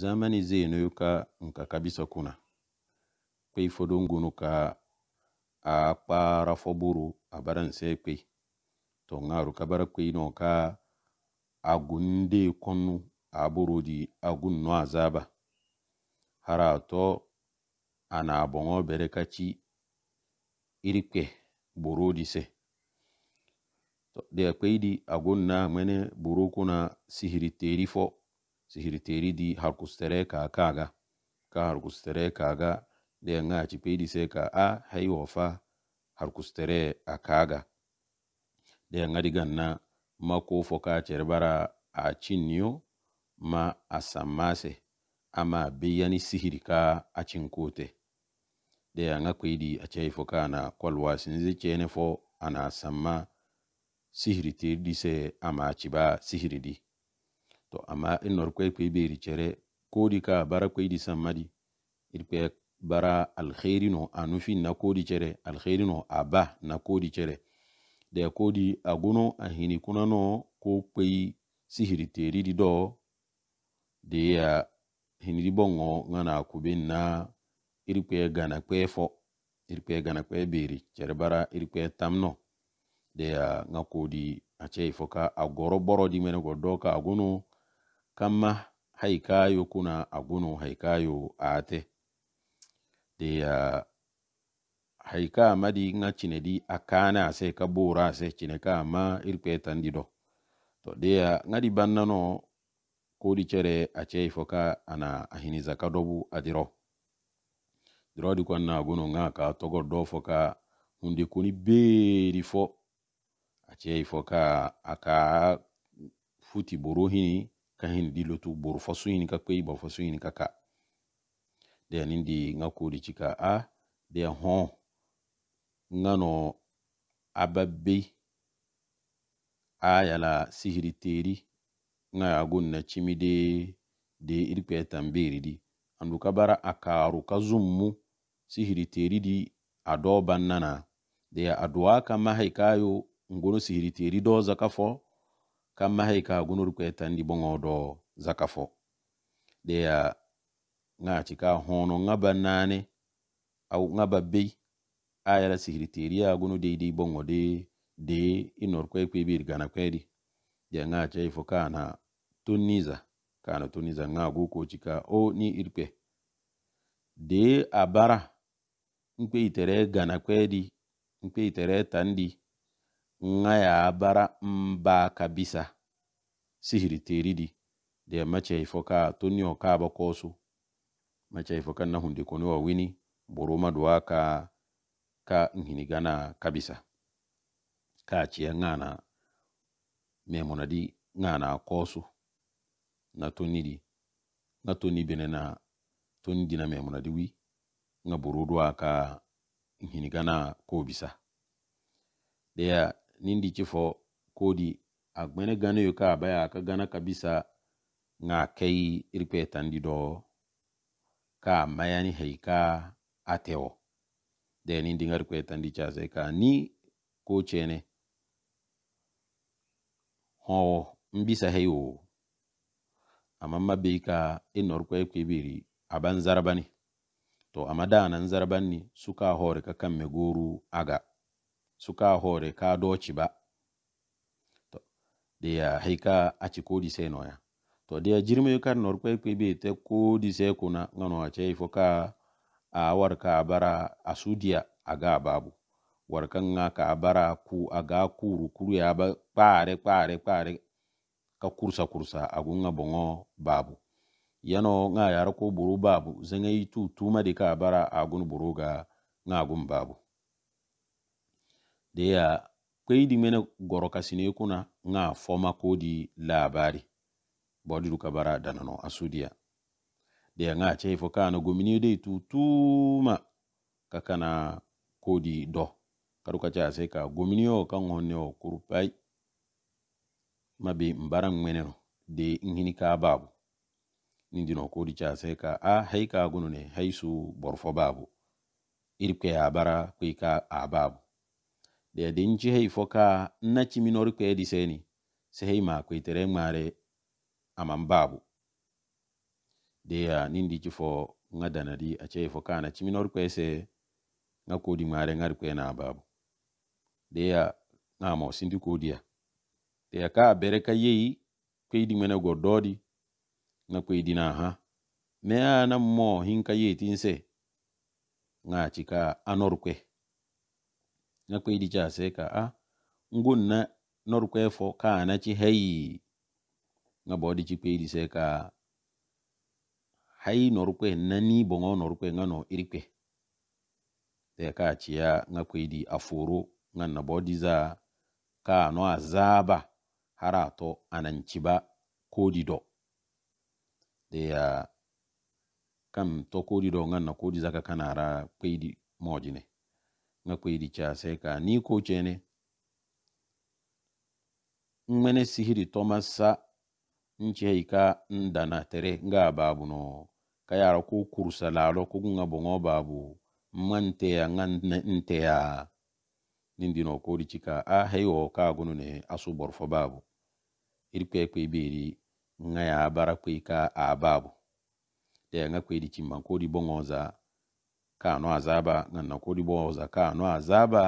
zamani zenu ka nka kabisa kuna kpei fodon ka a foburu a baran sai to ŋaru ka bara kpei ka a gunde konnu a burudi a azaba hara to ana bongo bere kaci irikpe burudi se to de kpei di a gunna mene sihiri sihirteri di harkustere ka kaga ka harkustere kaga da yanga ci ka a haiwa fa harkustere a kaga da yanga na ma ko foka cerbara a ma a ama biyani sihiri ka a cinkote da yanga kwedi a cei foka na kwalwa fo ana samma sihiri tirdi se ama ciba sihiri di to amma inor kwe kwe beri kodi ka bara kwe di samadi irpe bara alkhairi no anufi na kodi chere alkhairi no aba na kodi chere da kodi a aguno ahini kuna no ko kwe sihiri teri di do de ya hini di bongo ngana kubin na irpe gana kwe fo irpe gana kwe beri chere bara irpe tamno de ya ngakodi ache a agoro boro di ka a aguno kama haikayo kuna agunu haikayo ate de deya haika madi nga cine di akana se kabura se chine cine ka ma irpe tandi to de nga ngadi bannano kodi chere ace ifo ana ahiniza ka dobu adiro diro di kwana agunu nga ka togor do fo ka hunde koni beeri fo ace ifo aka futi buruhini hini kahin dilo tu bor fasu yin ka kwe bor fasu yin ka ka de anin di nga ko di chika a de hon nga no ababbe a yala sihiri teri nga ya na chimi de de irpe tambiri di andu ka bara akaru ka zummu sihiri teri di adoban nana de aduwa ka kayo ngono sihiri teri doza ka kamma hay ka gunor ko tandi bongo do zakafo de ya ngati ka hono ngaba nane au ngaba be ayara sihiriteria gunu de de bongo de de inor ko ko bir gana kwedi ya ngati ay fo kana tuniza kana tuniza go ko chika o ni irpe de abara nkwe itere gana kwedi nkwe itere tandi nga ya bara mba kabisa sihiri teridi de macha ifoka tonio kaba kosu macha ifoka na hunde koni wa wini boroma duaka ka ka nhinigana kabisa ka ciya ngana me monadi ngana kosu na tonidi nga toni bene na tuni dina me monadi wi nga boro duwa ka kobisa ko bisa nindi chifo kodi agbene gane yuka abaya gana kabisa nga kei irikwe tandido ka mayani heika ateo de nindi nga irikwe tandi chase ka ni ko ho mbisa heyo ama mabika ka inor e kwe kwibiri aban zarabani to amma da nan zarabani suka hore ka kan me aga suka hore ka doci ba to dia a ci kodi noya to dia jirmi kan kwai be te kodi sai kuna ngano ace ifo ka a warka bara asudia aga babu warkan nga ka bara ku aga kuru kuru ya ba pare pare pare ka kursa kursa agunga bongo babu yano nga yara ko buru babu zanga yi tu tuma de ka bara agun buru ga nga agun babu da ya kwai di mene goro kasine kuna nga foma kodi labari bodi duka bara danano asudiya da ya nga ce ifo kana gomini dai tutuma kakana kodi do karuka ce sai ka gomini o kan honne o kurupai mabe mbaran ngwene no de nhini ka babu nindino kodi ce sai ka a haika gunu ne haisu borfo babu irke ya bara kuika a babu de de nchi hei foka nna chiminori kwe ediseni se hei ma kwe tere ngare amambabu de ya nindi chifo nga danadi ache foka na chiminori kwe se nga kodi ngare ngari kwe na babu de ya nga mo sindi kodia de ya ka bere ka yei kwe di mene gododi nga kwe di na ha me ana mo hinka yei tinse nga chika anorkwe na kwe di cha seka a ah, ngun na nor ka na chi hei nga bodi di chi kwe di seka hai nor kwe na ni bongo nor kwe nga no iri kwe ka chi ya nga kwe di aforo nga na bodi za ka no azaba harato ananchiba kodi do de ya kam to kodi do nga na kodi zaka kanara kwe di mojine ngakweidichaseka niko chene mmene sihiri thomas sa nchehika ndana tere nga babu no kayara ko kursa lalo ko nga mma nte ya nga nteya nindino kodi chika a heyo ka gunu ne asu borfo babu irikwe kwe biri nga ya bara kwe ka a babu de nga kwe di chimban kodi bongoza Ka kano azaba ganna kodi boza kano azaba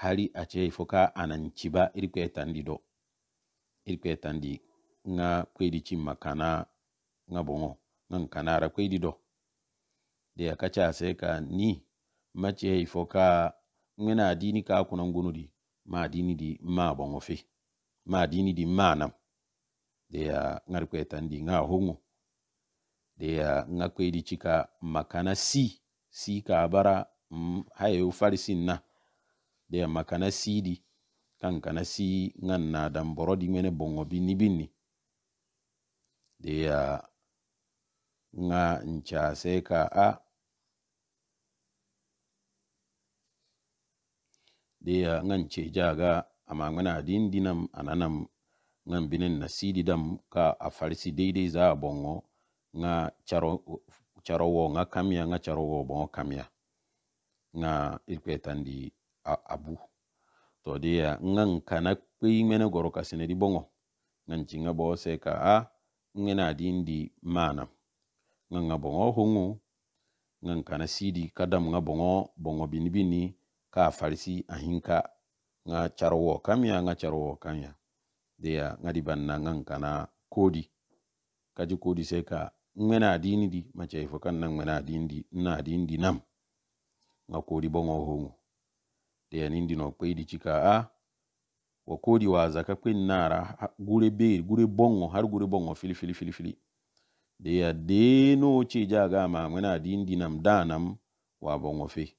hari ace foka ananchiba ndi do, irikwe ndi nga kwedi chimma makana, nga bongo nga kanara kwedi do de ya akacha ka ni mace ifoka ngena dini ka kunan gunudi ma dini di ma bongo fi, ma dini di ma nam de ya ngarikwe ndi nga hongo de ya nga kwedi ka makana si si ka bara mm, haye hayo farisin na de makana sidi kan kana si ngan na dan boro di mene bongo bini bini de ya nga ncha seka ka a de ya nga nche jaga ama ngana din dinam ananam ngan binen na sidi dam ka a farisi daidai za a bongo nga charo charo wo nga kamia nga charo wo bon kamia nga di abu to dia ya, ngan kana kwi goro kasine di bongo ngan jinga bo se ka a ah, ngena di ndi mana nga bongo hungu ngan kana sidi kadam nga bongo bongo bini bini ka farisi ahinka nga charwo kamia nga charwo kamia dia ya, ngadi banna ngan kana kodi kaju kodi se ka ngwena adini di macha ifokan na ngwena dini di na dini di nam ngakodi bongo hongo de nindi no kwe di chika a wakodi wa zaka kwe nara gure be gure bongo har gure bongo fili fili fili fili de ya de no che jaga ma ngwena adini di nam danam wa bongo fe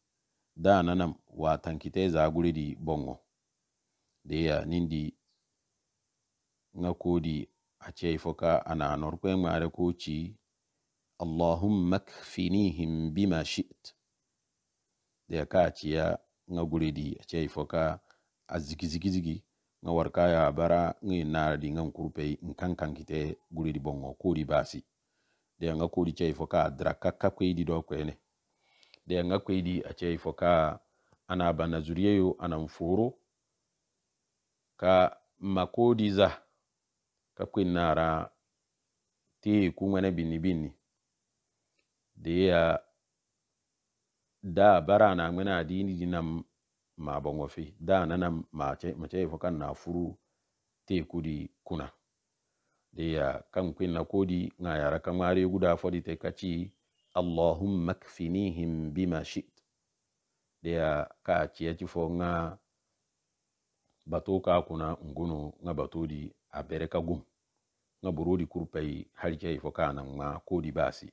dana nam wa tankite za gure di bongo de ya nindi ngakodi a ce foka ana norkwe ngare ko ci allahumma kfinihim bima shi't da ka ciya nga guredi a ce foka a zigi zigi zigi nga warka ya bara nga nara di nga kurpe nkan kan kite guredi bongo kori basi da nga ce foka draka ka kwedi do kwene da nga kwedi a ce foka ana bana zuriyeyo ana mforo ka makodi za ka kwin nara te binni deya da bara na ngwe na adi ndi nam ma bongo fi da na nam ma che ma che fo kan na furu te kudi kuna deya kan kwin na kodi nga yara kan mari guda fo di te kachi allahumma kfinihim bima shit deya ka chi ya chi fo nga bato ka kuna nguno nga bato di abere ka gum nga buru di kurpai halje fo kana nga kodi basi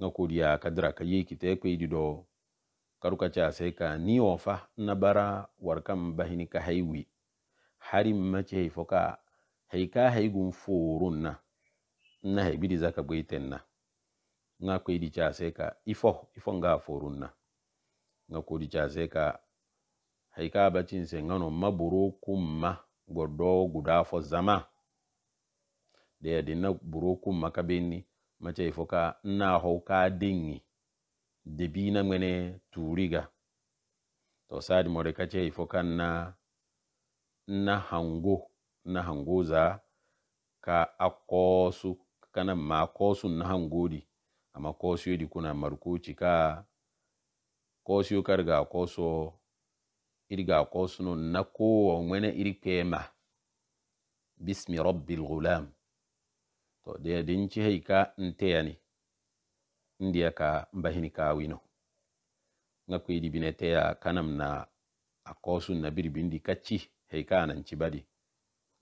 nga ka kadira ka yeki te kwe dido karuka cha ka ni ofa na bara warkam bahini ka haiwi hari mace haifoka haika haigun forun na na haibidi zaka gwaiten na kwe di cha ka ifo ifo nga forun na n'a kodi cha seka haika bacin se ngano maburu kumma godo guda fo zama da yadin na buru kumma kabeni mace foka na hauka bi na mene turiga to sadi more kace ifoka na na hango na hango za ka akosu kana ma kosu na han'go hangodi amma kosu yodi kuna markuci ka kosu karga koso irga kosu no na ko wene irkema bismi rabbil ghulam to de din ci hay ka nteyani ndiya ka mbahini ka wino nga ko yidi bineteya kanam na akosu na birbindi kacci hay ka nan ci badi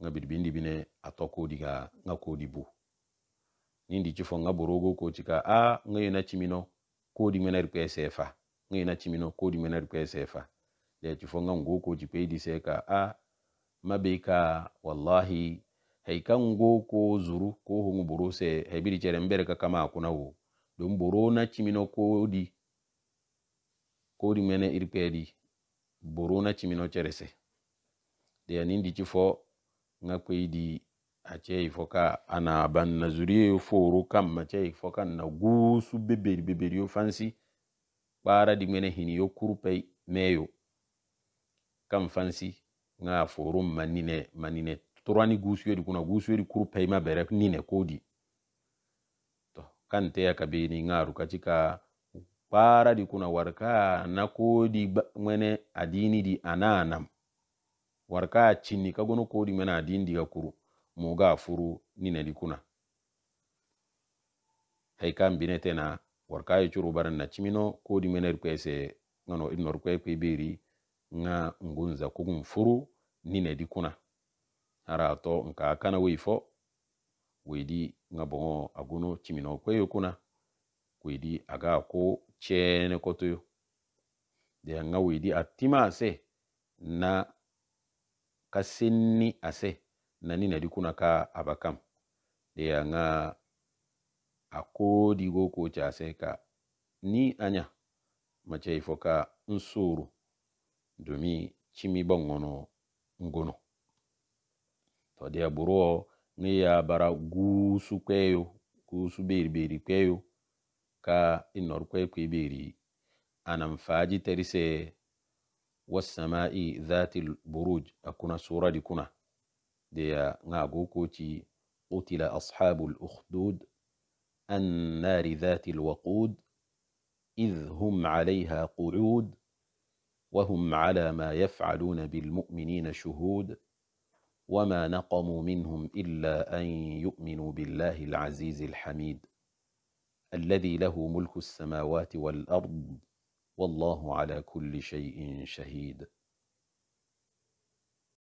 nga birbindi bine atoko diga nga ko dibu nindi ci fo nga borogo ko ci ka a nga yona ci mino ko di menar psfa nga yona ci mino ko di menar psfa de ci fo nga ngo ko ci pe di se ka a mabe ka wallahi go ko zuru ko hongu boro se haibiri chere mbere ka kama akuna wo don buru na chimino kodi kodi mene di Buru na chimino chere se de anindi chifo nga kwedi yi ifo ka ana ban na zuriye foro kan yi ifo kan na gusu beberi beberi yo fansi kpara di mene hini yo kurupai meyo kan fansi nga foro manine manine turani gusuedi kuna gusuedi kuru peima bere nine kodi to kante ya kabini ngaru kachika para di kuna warka na kodi mwene adini di ananam warka chini kagono kodi mwene adini di kuru moga furu nine di kuna haikan bine tena warka ya churu baran na chimino kodi mwene rikwese ngano ibn rikwe kwibiri nga ngunza kukumfuru furu nine di kuna nara to nka kana wei fo weidi nga bongo aguno chimino kweyo kuna weidi aga ko chene kotoyo de nga weidi atima ase na kasenni ase na nadi kuna ka abakam de nga ako go ko ka ni anya mace ifo ka nsuru domin chimi bangono ngono tɔdi aburuɔ ni ya bara gusu kweyo gusu beri beri kpɛyo ka inor kwe kpɛ beri anan faji terise wasamai dhati buruj akuna sura di kuna deya nga go koci قتل أصحاب الأخدود النار ذات الوقود إذ هم عليها قعود وهم على ما يفعلون بالمؤمنين شهود وما نقموا منهم إلا أن يؤمنوا بالله العزيز الحميد الذي له ملك السماوات والأرض والله على كل شيء شهيد